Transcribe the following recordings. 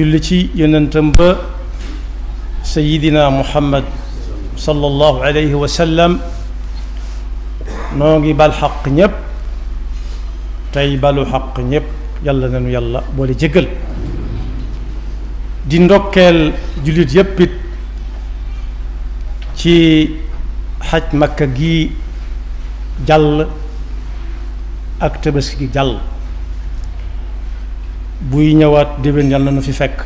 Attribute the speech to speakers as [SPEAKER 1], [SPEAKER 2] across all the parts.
[SPEAKER 1] جلتي ينتم سيدنا محمد صلى الله عليه وسلم نوغي بالحق نيب تاي بالو نيب يلا نانو يلا بولي جيغل دي نوكل جوليت ييبيت تي حج مكه جي جال اك تبسكي جال buy ñëwaat déwén yàlla na fi fekk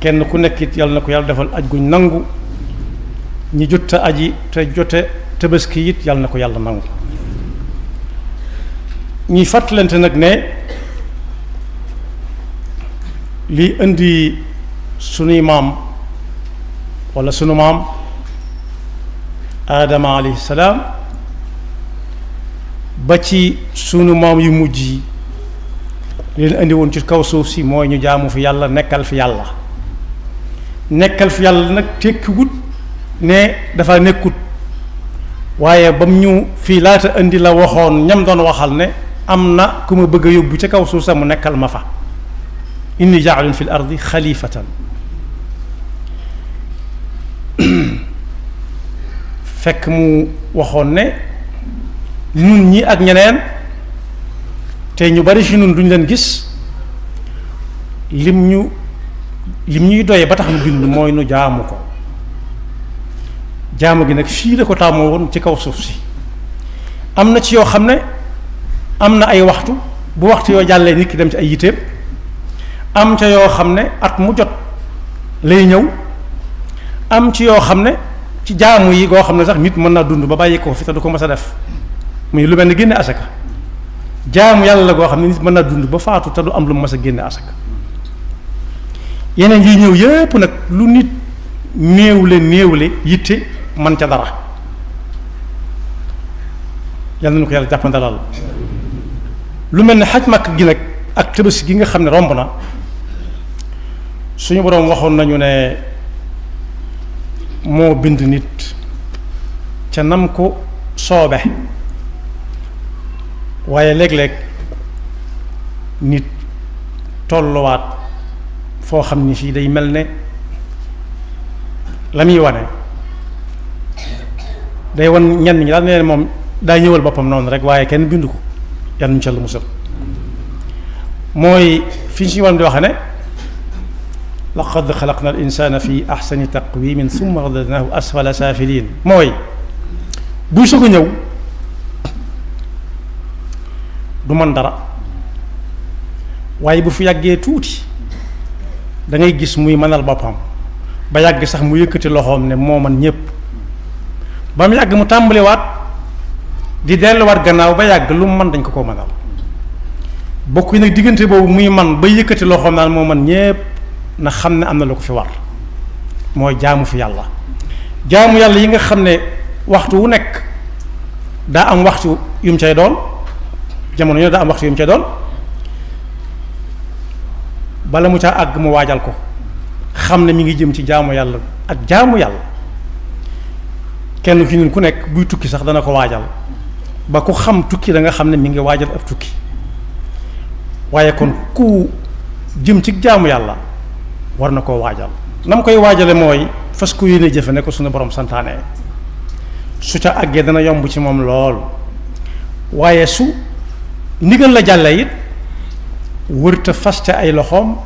[SPEAKER 1] kenn ku nekk it yàlla na ko yàlla defal aj guñ nangu ñi jutta aji te jote tabaski it yàlla na ko yàlla nangu ñuy fàttalante nag ne lii indi sunuy maam wala sunu maam aadama alayhi salaam ba ci sunu maam yu mujj yi li leen indi woon ci kaw suuf si mooy ñu jaamu fi yàlla nekkal fi yàlla nekkal fi yàlla nag tekkiwut ne dafa nekkut waaye bam ñu fii laata indi la waxoon ñam doon waxal ne am na ku ma bëgg a yóbbu ca kaw suuf sa mu nekkal ma fa inni jaalun fi l ardi xalifatan fekk mu waxoon ne ñun ñi ak ñeneen te ñu bari si ñun duñ leen gis lim ñu lim ñuy doyee ba tax ñu bind mooy nu jaamu ko jaamu gi nag fii la ko taamoo woon ci kaw suuf si am na ci yoo xam ne am na ay waxtu bu waxtu yoo jàllee nit ki dem ci ay yiteem am ca yoo xam ne at mu jot lay ñëw am ci yoo xam ne ci jaamu yi goo xam ne sax nit mën naa dund ba bàyyi ko fi te du ko mës a def muy lu mel ni génne aseka jaamu yàlla la goo xam ne nit mën naa dund ba faatu te du am lu mu mas a génne asaka yeneen yi ñëw yépp nag lu nit néewle néewle yitte man ca dara yal na ñu ko yàlla jàppandalal lu mel ni xaj màkk gi nag ak tëbës gi nga xam ne romb na suñu boroom waxoon nañu ne moo bind nit ca nam ko soobe waye leg leg nit tollu wat fo xamni fi day melne ne wone day won ñan ñi daal ne mom da ñëwal bopam non rek waye kenn bindu ko yan ñu ca lu musal mooy fi ci waram di waxe ne laqad khalaqna al insana fi ahsani taqwim thumma radadnahu asfala safilin moy bu su ko ñëw du waibu dara waye bu fi yagge touti da ngay gis muy manal bopam ba yagg sax mu yëkkati loxom ne mo man bam yagg mu yàgg wat di delu delluwaat gannaaw ba yagg lu man dañ ko ko manal bokku yi bobu muy man ba loxom naan mo man na xam ne lu ko fi war moy jaamu fi yalla jaamu yalla yi nga xam waxtu wu nek da am waxtu yum cey doon jamono ñu daa am waxtu yu mu ca doon bala mu caa àgg mu waajal ko xam ne mi ngi jëm ci jaamu yàlla ak jaamu yàlla kenn ci ku nekk buy tukki sax dana ko waajal ba ku xam tukki da nga xam ne mi ngi waajal ab tukki waaye kon ku jëm ci jaamu yàlla war na koo waajal na mu koy waajale mooy fas ko yéene jëfe ne ko suñu borom santaane su ca àggee dana yomb ci moom lool waaye su ndigal la jàlle it wërta ca ay loxoom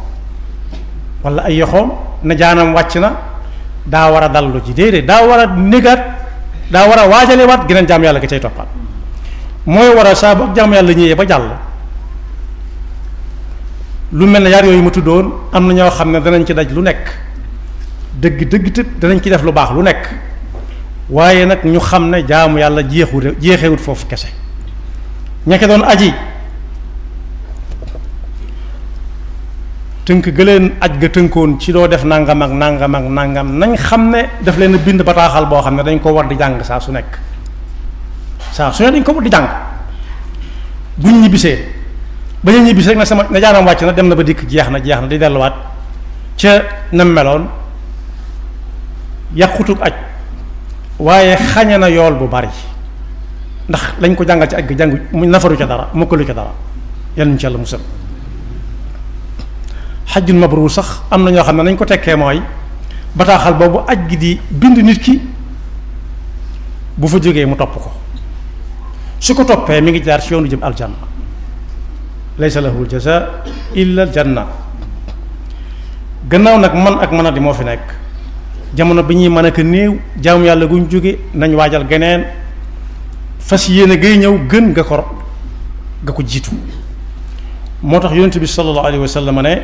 [SPEAKER 1] wala ay yoxoom na jaanam wàcc na daa war a dallu ji déedéet daa war a négaat daa war a waajalewaat geneen jaam yàlla gi cay toppaat mooy war a saabu boog jaam yàlla ñëwee ba jàll lu mel ne yaar yooyu ma tuddoon am na ñoo xam ne danañ ci daj lu nekk dëgg dëgg tëdd danañ ci def lu baax lu nekk waaye nag ñu xam ne jaamu yàlla jeexu jeexewut foofu kese ñaké don aji teunk geleen aj ga teunkoon ci do def nangam ak nangam ak nangam nañ xamné daf leen bind bataaxal boo xam ne dañ ko war di jang sa su nek sa su ñu ko di jang buñ bisé bañ ñi bisé na sama na jaaram wacc na dem na ba dik jeex na jeex na di wat ci na meloon yakutuk aj waye xañe na yol bu bari ndax lañ ko jangal ci ak jang mu nafaru ci dara lu ci dara yalla ci yalla musal hajjul mabruur sax am na ñoo xam nañ ko tekke moy bata xal bobu gi di bind nit ki bu fa joge mu top ko su ko topé mi ngi jaar ci yoonu jëm aljanna laysa lahu jaza illa aljanna gannaaw nak man ak mën mo fi nek jamono bi ñuy mën jaamu yalla guñ joge nañ wajal geneen fas yéene gay ñëw gën nga ko nga ko jiitu moo tax yonent bi sallallahu alayhi wa sallam ne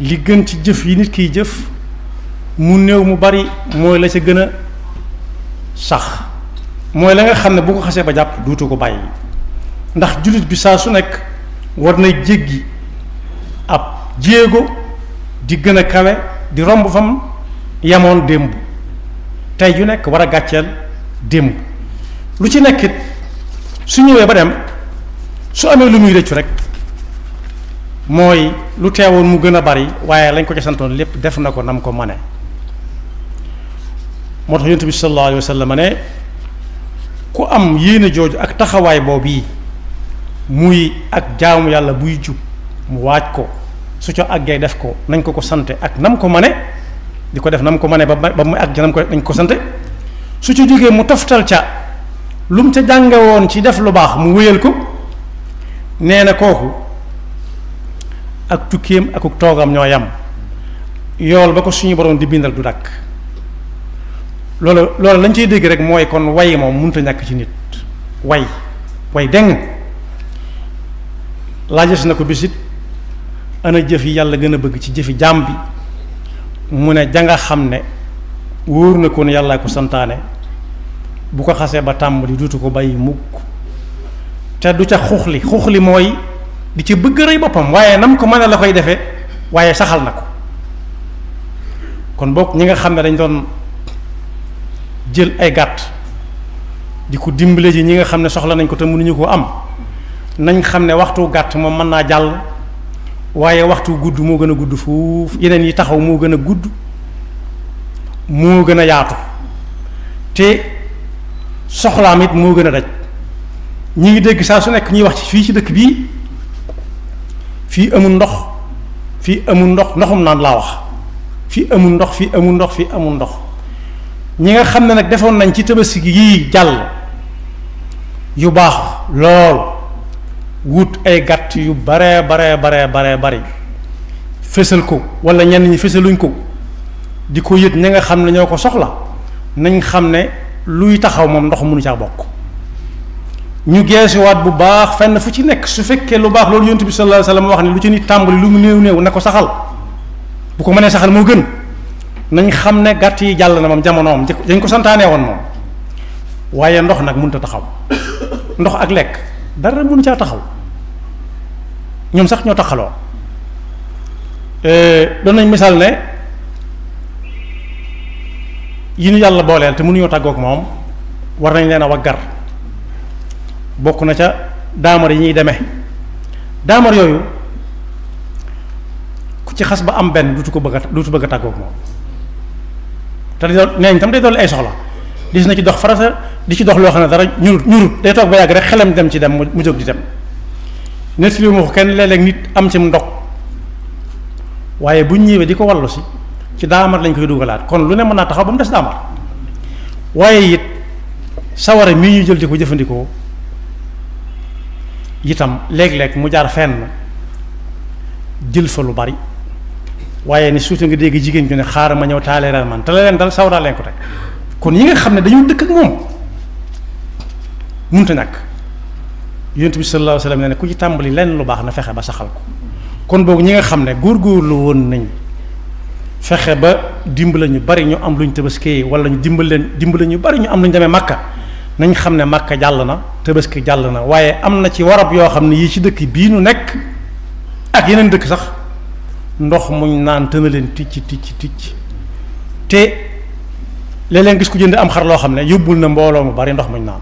[SPEAKER 1] li gën ci jëf yi nit kiy jëf mu néew mu bari mooy la ca gën a sax mooy la nga xam ne bu ko xasee ba jàpp duutu ko bàyyi ndax jullit bi saa su nekk war na jéggi ab jéego di gën a kawe di romb fam yamoon démb tey ju nekk war a gàcceel démb lu ci nekk su ñëwee ba dem su amee lu muy rëccu rek mooy lu teewoon mu gën a bari waaye lañ ko ca santoon lépp def na ko nam ko mane moo tax yonent bi sallallahu alayhi wa sallam jooju ak taxawaay boobu yi muy ak jaamu yàlla buy jub mu waaj ko su ca àggee def ko nañ ko ko sante ak nam ko mane di ko def nam ko mane ba ba mu àgg nam ko nañ ko sante su ca jógee mu toftal ca lu mu ca jànge woon ci def lu baax mu wéyal ko nee na kooku ak tukkeem ak toogam ñoo yam yool ba ko suñu boroom di bindal du dakk loolu loolu lañ ciy dégg rek mooy kon wayi moom mënut a ñàkk ci nit way way deng laajas na ko bisit ana jëf yi yàlla gën a bëgg ci jëfi jaam bi mu ne janga xam ne wóor na koon yàllaa ko santaane bu ko xasee ba tàmbali duutu ko bàyyi mukk te du ca xuuxli xuuxli mooy di ci bëgg rey boppam waaye nam ko mën a la koy defee waaye saxal na ko kon bokk ñi nga xam ne dañ doon jël ay gàtt di ko dimbale ji ñi nga xam ne soxla nañ ko te mënuñu ko am nañ xam ne waxtu gàtt moom mën naa jàll waaye waxtu gudd moo gën a gudd fuuf yeneen yi taxaw moo gën a gudd moo gën a yaatu te soxlaam it moo gën a daj ñi ngi dégg saa su nekk ñuy wax ci fii ci dëkk bii fii amul ndox fii amul ndox ndoxum naan laa wax fii amul ndox fii amul ndox fii amul ndox ñi nga xam ne nag defoon nañ ci tabaski yii jàll yu baax lool wut ay gàtt yu bare bare bare bare bari fésal ko wala ñenn ñi fésaluñ ko di ko yët ña nga xam ne ñoo ko soxla nañ xam ne luy taxaw moom ndox mënu caa bokk ñu geesuwaat bu baax fenn fu ci nekk su fekkee lu baax loolu yonent bi sallallahu alayhi wasallam wax ne lu ci nit tàmbali lu mu néew néew na ko saxal bu ko mënee saxal moo gën nañ xam ne gàtt yi jàll na moom jamonoom dañ ko santaanee woon moom waaye ndox nag mënut taxaw ndox ak lekk dara mënu caa taxaw ñoom sax ñoo taxaloo eh, doon nañ misaal ne yi ñu yàlla booleel te taggo ak mom war nañ leena a waggar bokk na ca daamar yi ñi démé daamar yoyu ku ci xass ba am ben dutu ko bëgg dutu bëgg taggo ak mom te di neñ tam day doon ay soxla dis na ci dox farasa di ci dox lo xana dara ñurut ñurut day tok ba yag rek xelam dem ci dem mu jog di dem nit mu ko kenn nit am ci mu ndog waaye bu ñëwee diko wallu ci ci daamar lañ koy dougalat kon lu ne mën taxaw bam dess des daamar waaye it sawara mi ñu jël di ko jëfandikoo itam leg léeg mu jaar fenn jël fa lu bari waye ni suutu nga dégg jigen ñu ne xaar ma ñew man ta leen dal sawara leen ko tek kon yi nga xamne dañu dëkk ak mom munta nak yonent bi sallallahu alayhi wasallam ne ku ci tambali lenn lu bax na fexé ba saxal ko kon boog ñi nga gor gor lu won nañ fexe ba dimbale ñu bari ñu am lu ñu tabaskee wala ñu dimbal leen dimbale ñu bari ñu am lu ñu demee Makka nañ xam ne Makka jàll na tabaski jàll na waaye am na ci warab yoo xam ne yii ci dëkk bii nu nekk ak yeneen dëkk sax ndox muñ naan tëna leen ticc ticc ticc te léeg-léeg gis ku jënd am xar loo xam ne yóbbul na mbooloo mu bari ndox muñ naan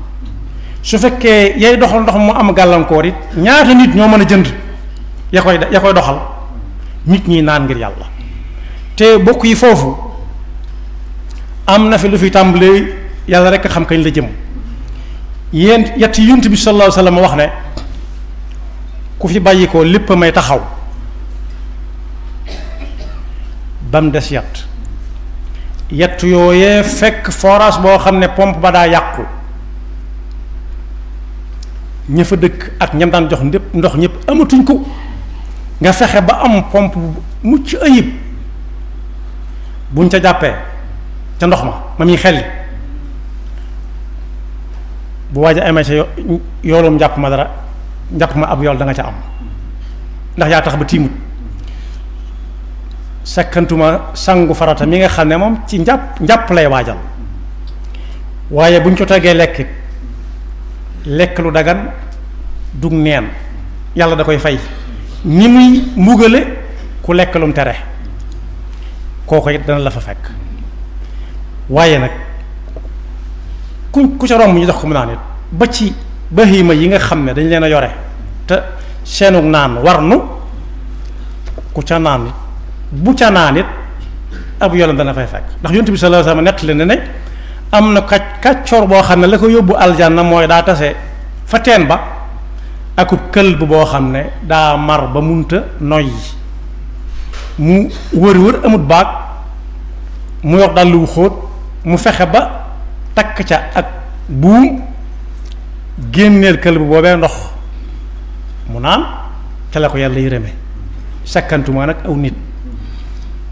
[SPEAKER 1] su fekkee yay doxal ndox mu am gàllankoor it ñaata nit ñoo mën a jënd ya koy ya koy doxal nit ñi naan ngir yàlla te bokk yi foofu am na fi lu fi tàmbalee yàlla rek xam kañ la jëm yéen yett yi yunt bi sallallahu alayhi wax ne ku fi bàyyi ko lépp may taxaw ba mu des yett yett yooyee fekk forage boo xam ne pompe ba daa yàqu ña dëkk ak ñam daan jox ndépp ndox ñëpp amatuñ ko nga fexe ba am pompe mucc ayib buñ ca jàppee ca ndox ma ma muy xel bu waaj a amee ca yoolum jàpp ma dara jàpp ma ab yool danga ca am ndax yaa tax ba tiimut sekkantuma sàngu farata mi nga xam ne moom ci njàpp njàpp lay waajal waaye buñ ko tegee lekk lekk lu dagan dug neen yàlla da koy fay ni muy mbugale ku lekk tere kooko it dana la fa fekk waaye nag ku ku ca romb ñu dox ko mu naan it ba ci bahima yi nga xam ne dañ leen a yore te seenug naan war nu ku ca naan it bu ca naan it ab yolam dana fay fekk ndax yonent bi sallallahu alayhi nekk leen ne ne am na kac kàccoor boo xam ne la ko yóbbu aljanna mooy daa tase fa teen ba akub kël bu boo xam ne daa mar ba munta noyyi mu wër amut baag mu yor dàll wu xóot mu fexe ba takk ca ak buum génneel kël bu boobee ndox mu naan ca la ko yàlla yërëme sakkantuma nag aw nit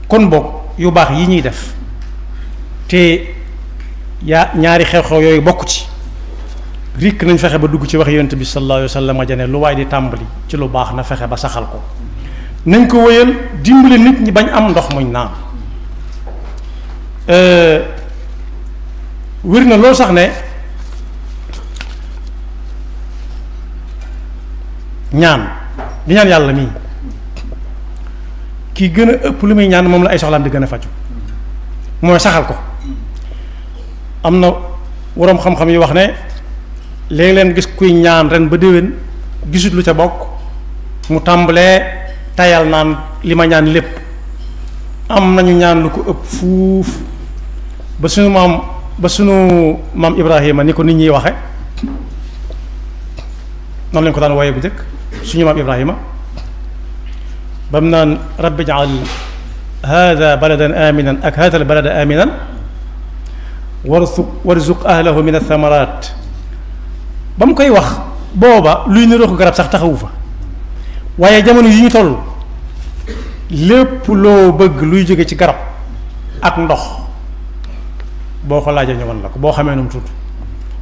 [SPEAKER 1] kon boog yu baax yi ñuy def te yaa ñaari xew-xew yooyu bokk ci rikk nañ fexe ba dugg ci wax yonent bi sallallahu alayhi wa sallam jane lu waay di tàmbali ci lu baax na fexe ba saxal ko nañ ko wéyal dimbali nit ñi bañ am ndox muñ naan euh, wér na loolu sax ne ñaan di ñaan yàlla mii kii gën a ëpp lu muy ñaan moom la ay soxlaan di gën a faju mooy saxal ko am na woroom xam-xam yi wax ne léegi leen gis kuy ñaan ren ba déwén gisut lu ca bokk mu tàmbalee tayal nan lima ñaan lépp am nañu ñaan lu ko ëpp fuuf ba sunu mam ba sunu mam Ibrahima ni ko nit ñi waxe non lañ ko daan waye bu njëkk suñu mam Ibrahima bam nan rabbi jaal hada baladan aminan ak hada al balada aminan warzuq warzuq ahlahu min athamarat ba mu koy wax booba luy niroog garab sax taxawu fa waye jamono yi ñu toll lepp lo bëgg luy jóge ci garab ak ndox boo ko laajee ñu man la ko boo xamee nu mu tudd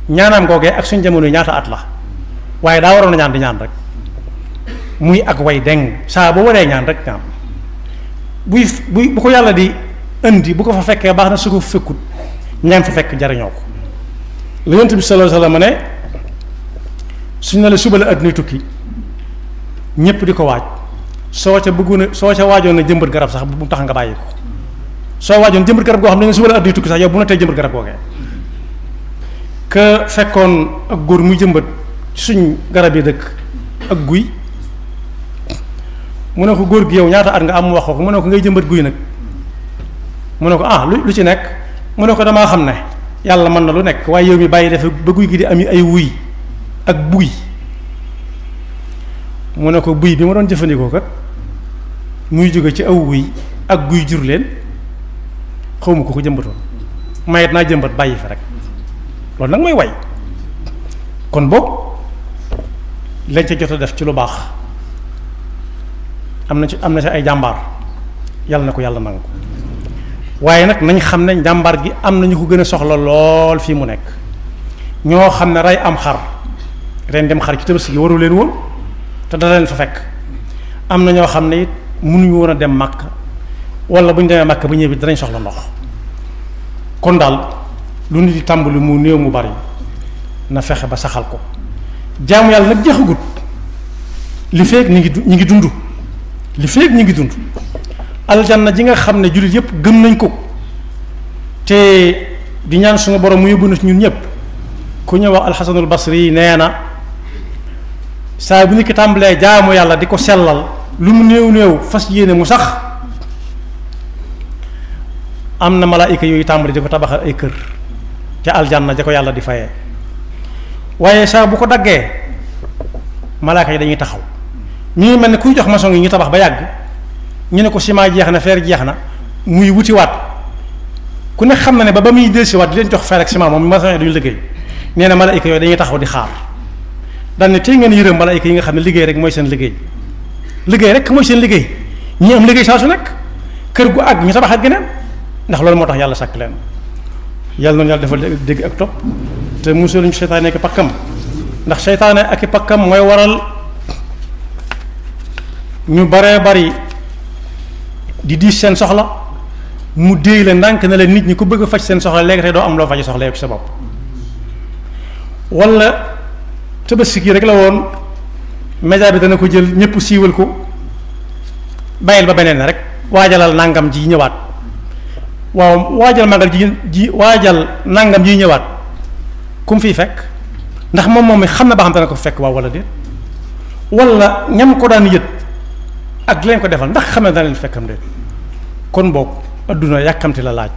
[SPEAKER 1] ñaanaam ak suñu jamono ñaata at la waye da waro na ñaan di ñaan rek muy ak way deng sa boo waré ñaan rek ñaan bu bu ko yalla di indi bu ko fa fekke baxna su ko fekkut ñaan fa fekk jariñoo ko bi sallallahu alayhi wasallam ne suñu la subal adni tukki ñepp diko waj so ca bëgguna so ca waajoon na jëmbat garab sax bu tax nga bayiko ko soo waajoon garab go xam ne nga suba la addu tukki sax yow bu na tay jëmbat garab goge ke fekkon ak góor muy jëmbat suñ garab yi dekk ak guy mu ne ko góor gi yow ñaata at nga am wax ko mu ne ko ngay jëmbat guy nak mu ne ko ah lu lu ci nek mu ne ko dama xamne yalla man na lu nek waaye yow mi bayi defe bëgguy gi di am ay wuy ak buy mu ne ko buy bi ma doon jëfandikoo kat muy jóge ci aw wuy ak guy jur leen xawma ko ko jëmbatoon mayet naa jëmbat bàyyi fa rek loolu nag mooy way kon boog lañ ca jot a def ci lu baax am ci am ci ay jàmbaar yàlla na ko yàlla nangu waaye nag nañ xam ne gi am na ñu ko gën a soxla lool fii mu nekk ñoo xam ne am xar ren dem xar ci gi waru leen woon te dana leen fa fekk am na ñoo xam ne it dem màkk wala bu ñu demee màkk ñëw bi soxla ndox kon lu nit di mu mu bari na fexe ba saxal ko jaamu yàlla nag jeexagut li feeg ñi ngi ñi ngi dund li feeg ñi ngi dund aljanna ji nga xam ne jullit gëm nañ ko te di ñaan suñu borom mu yóbbu na ñun ku basri nee saa bu nit ki tàmbalee jaamu yàlla di ko sellal lu mu néew néew fas yéene mu sax am na malaayika yooyu tàmbali di ko tabaxal ay kër ca aljanna ja ko yàlla di fayee waaye saa bu ko daggee malaayika yi dañuy taxaw ñu ngi mel ne kuy jox maçon yi ñu tabax ba yàgg ñu ne ko ciment jeex na feer jeex na muy wutiwaat ku ne xam na ne ba ba muy dellusiwaat di leen jox fer ak moom maçon yi duñu liggéey nee na malaayika yooyu dañuy taxaw di xaar daan ne tey ngeen yërëm malaayka yi nga xam ne liggéey rek mooy seen liggéey liggéey rek mooy seen liggéey ñi am liggéey saa su nekk kër gu àgg ñu tabaxaat geneen ndax loolu moo tax yàlla sàkk leen yàlla noonu yàlla defal dégg ak topp te musal ñu seytaane ak pakkam ndax seytaane ak pakkam mooy waral ñu baree bari di diis seen soxla mu déy la ndànk na leen nit ñi ku bëgg faj seen soxla léegi tey doo am loo faj soxla yow ci sa bopp tabaski gi rek la woon média bi dana ko jël ñëpp siiwal ko bàyyil ba beneen rek waajalal nangam ji ñëwaat waaw waajal màggal ji ji waajal nangam ji ñëwaat ku mu fiy fekk ndax moom moom mi xam na ba xam dana ko fekk waaw wala déet wala ñam ko daan yët ak leen ko defal ndax xam ne dana leen fekkam déet kon boog àdduna yàkkamti la laaj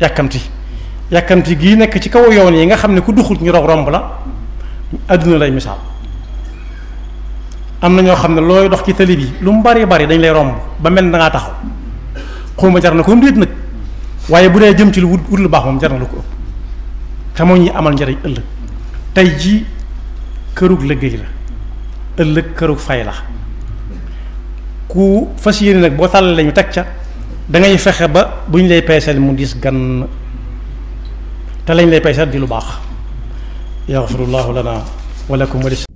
[SPEAKER 1] yàkkamti yàkkamti gii nekk ci kaw yoon yi nga xam ne ku duxul ñu rox romb la àdduna lay misaal am na ñoo xam ne looy dox ci tali bi lu mu bari dañ lay romb ba mel ne da ngaa taxaw xawma jar na ko ndéet nag waaye bu dee jëm ci lu wut wut lu baax moom jar na lu ko ëpp te moo ñuy amal njariñ ëllëg tey ji këru liggéey la ëllëg këru fay la ku fas yéene nag boo tàllalee ñu teg ca dangay fexe ba bu ñu lay peeseel mu diis gan te lañ lay peeseel di lu baax. يغفر الله لنا ولكم ولسنا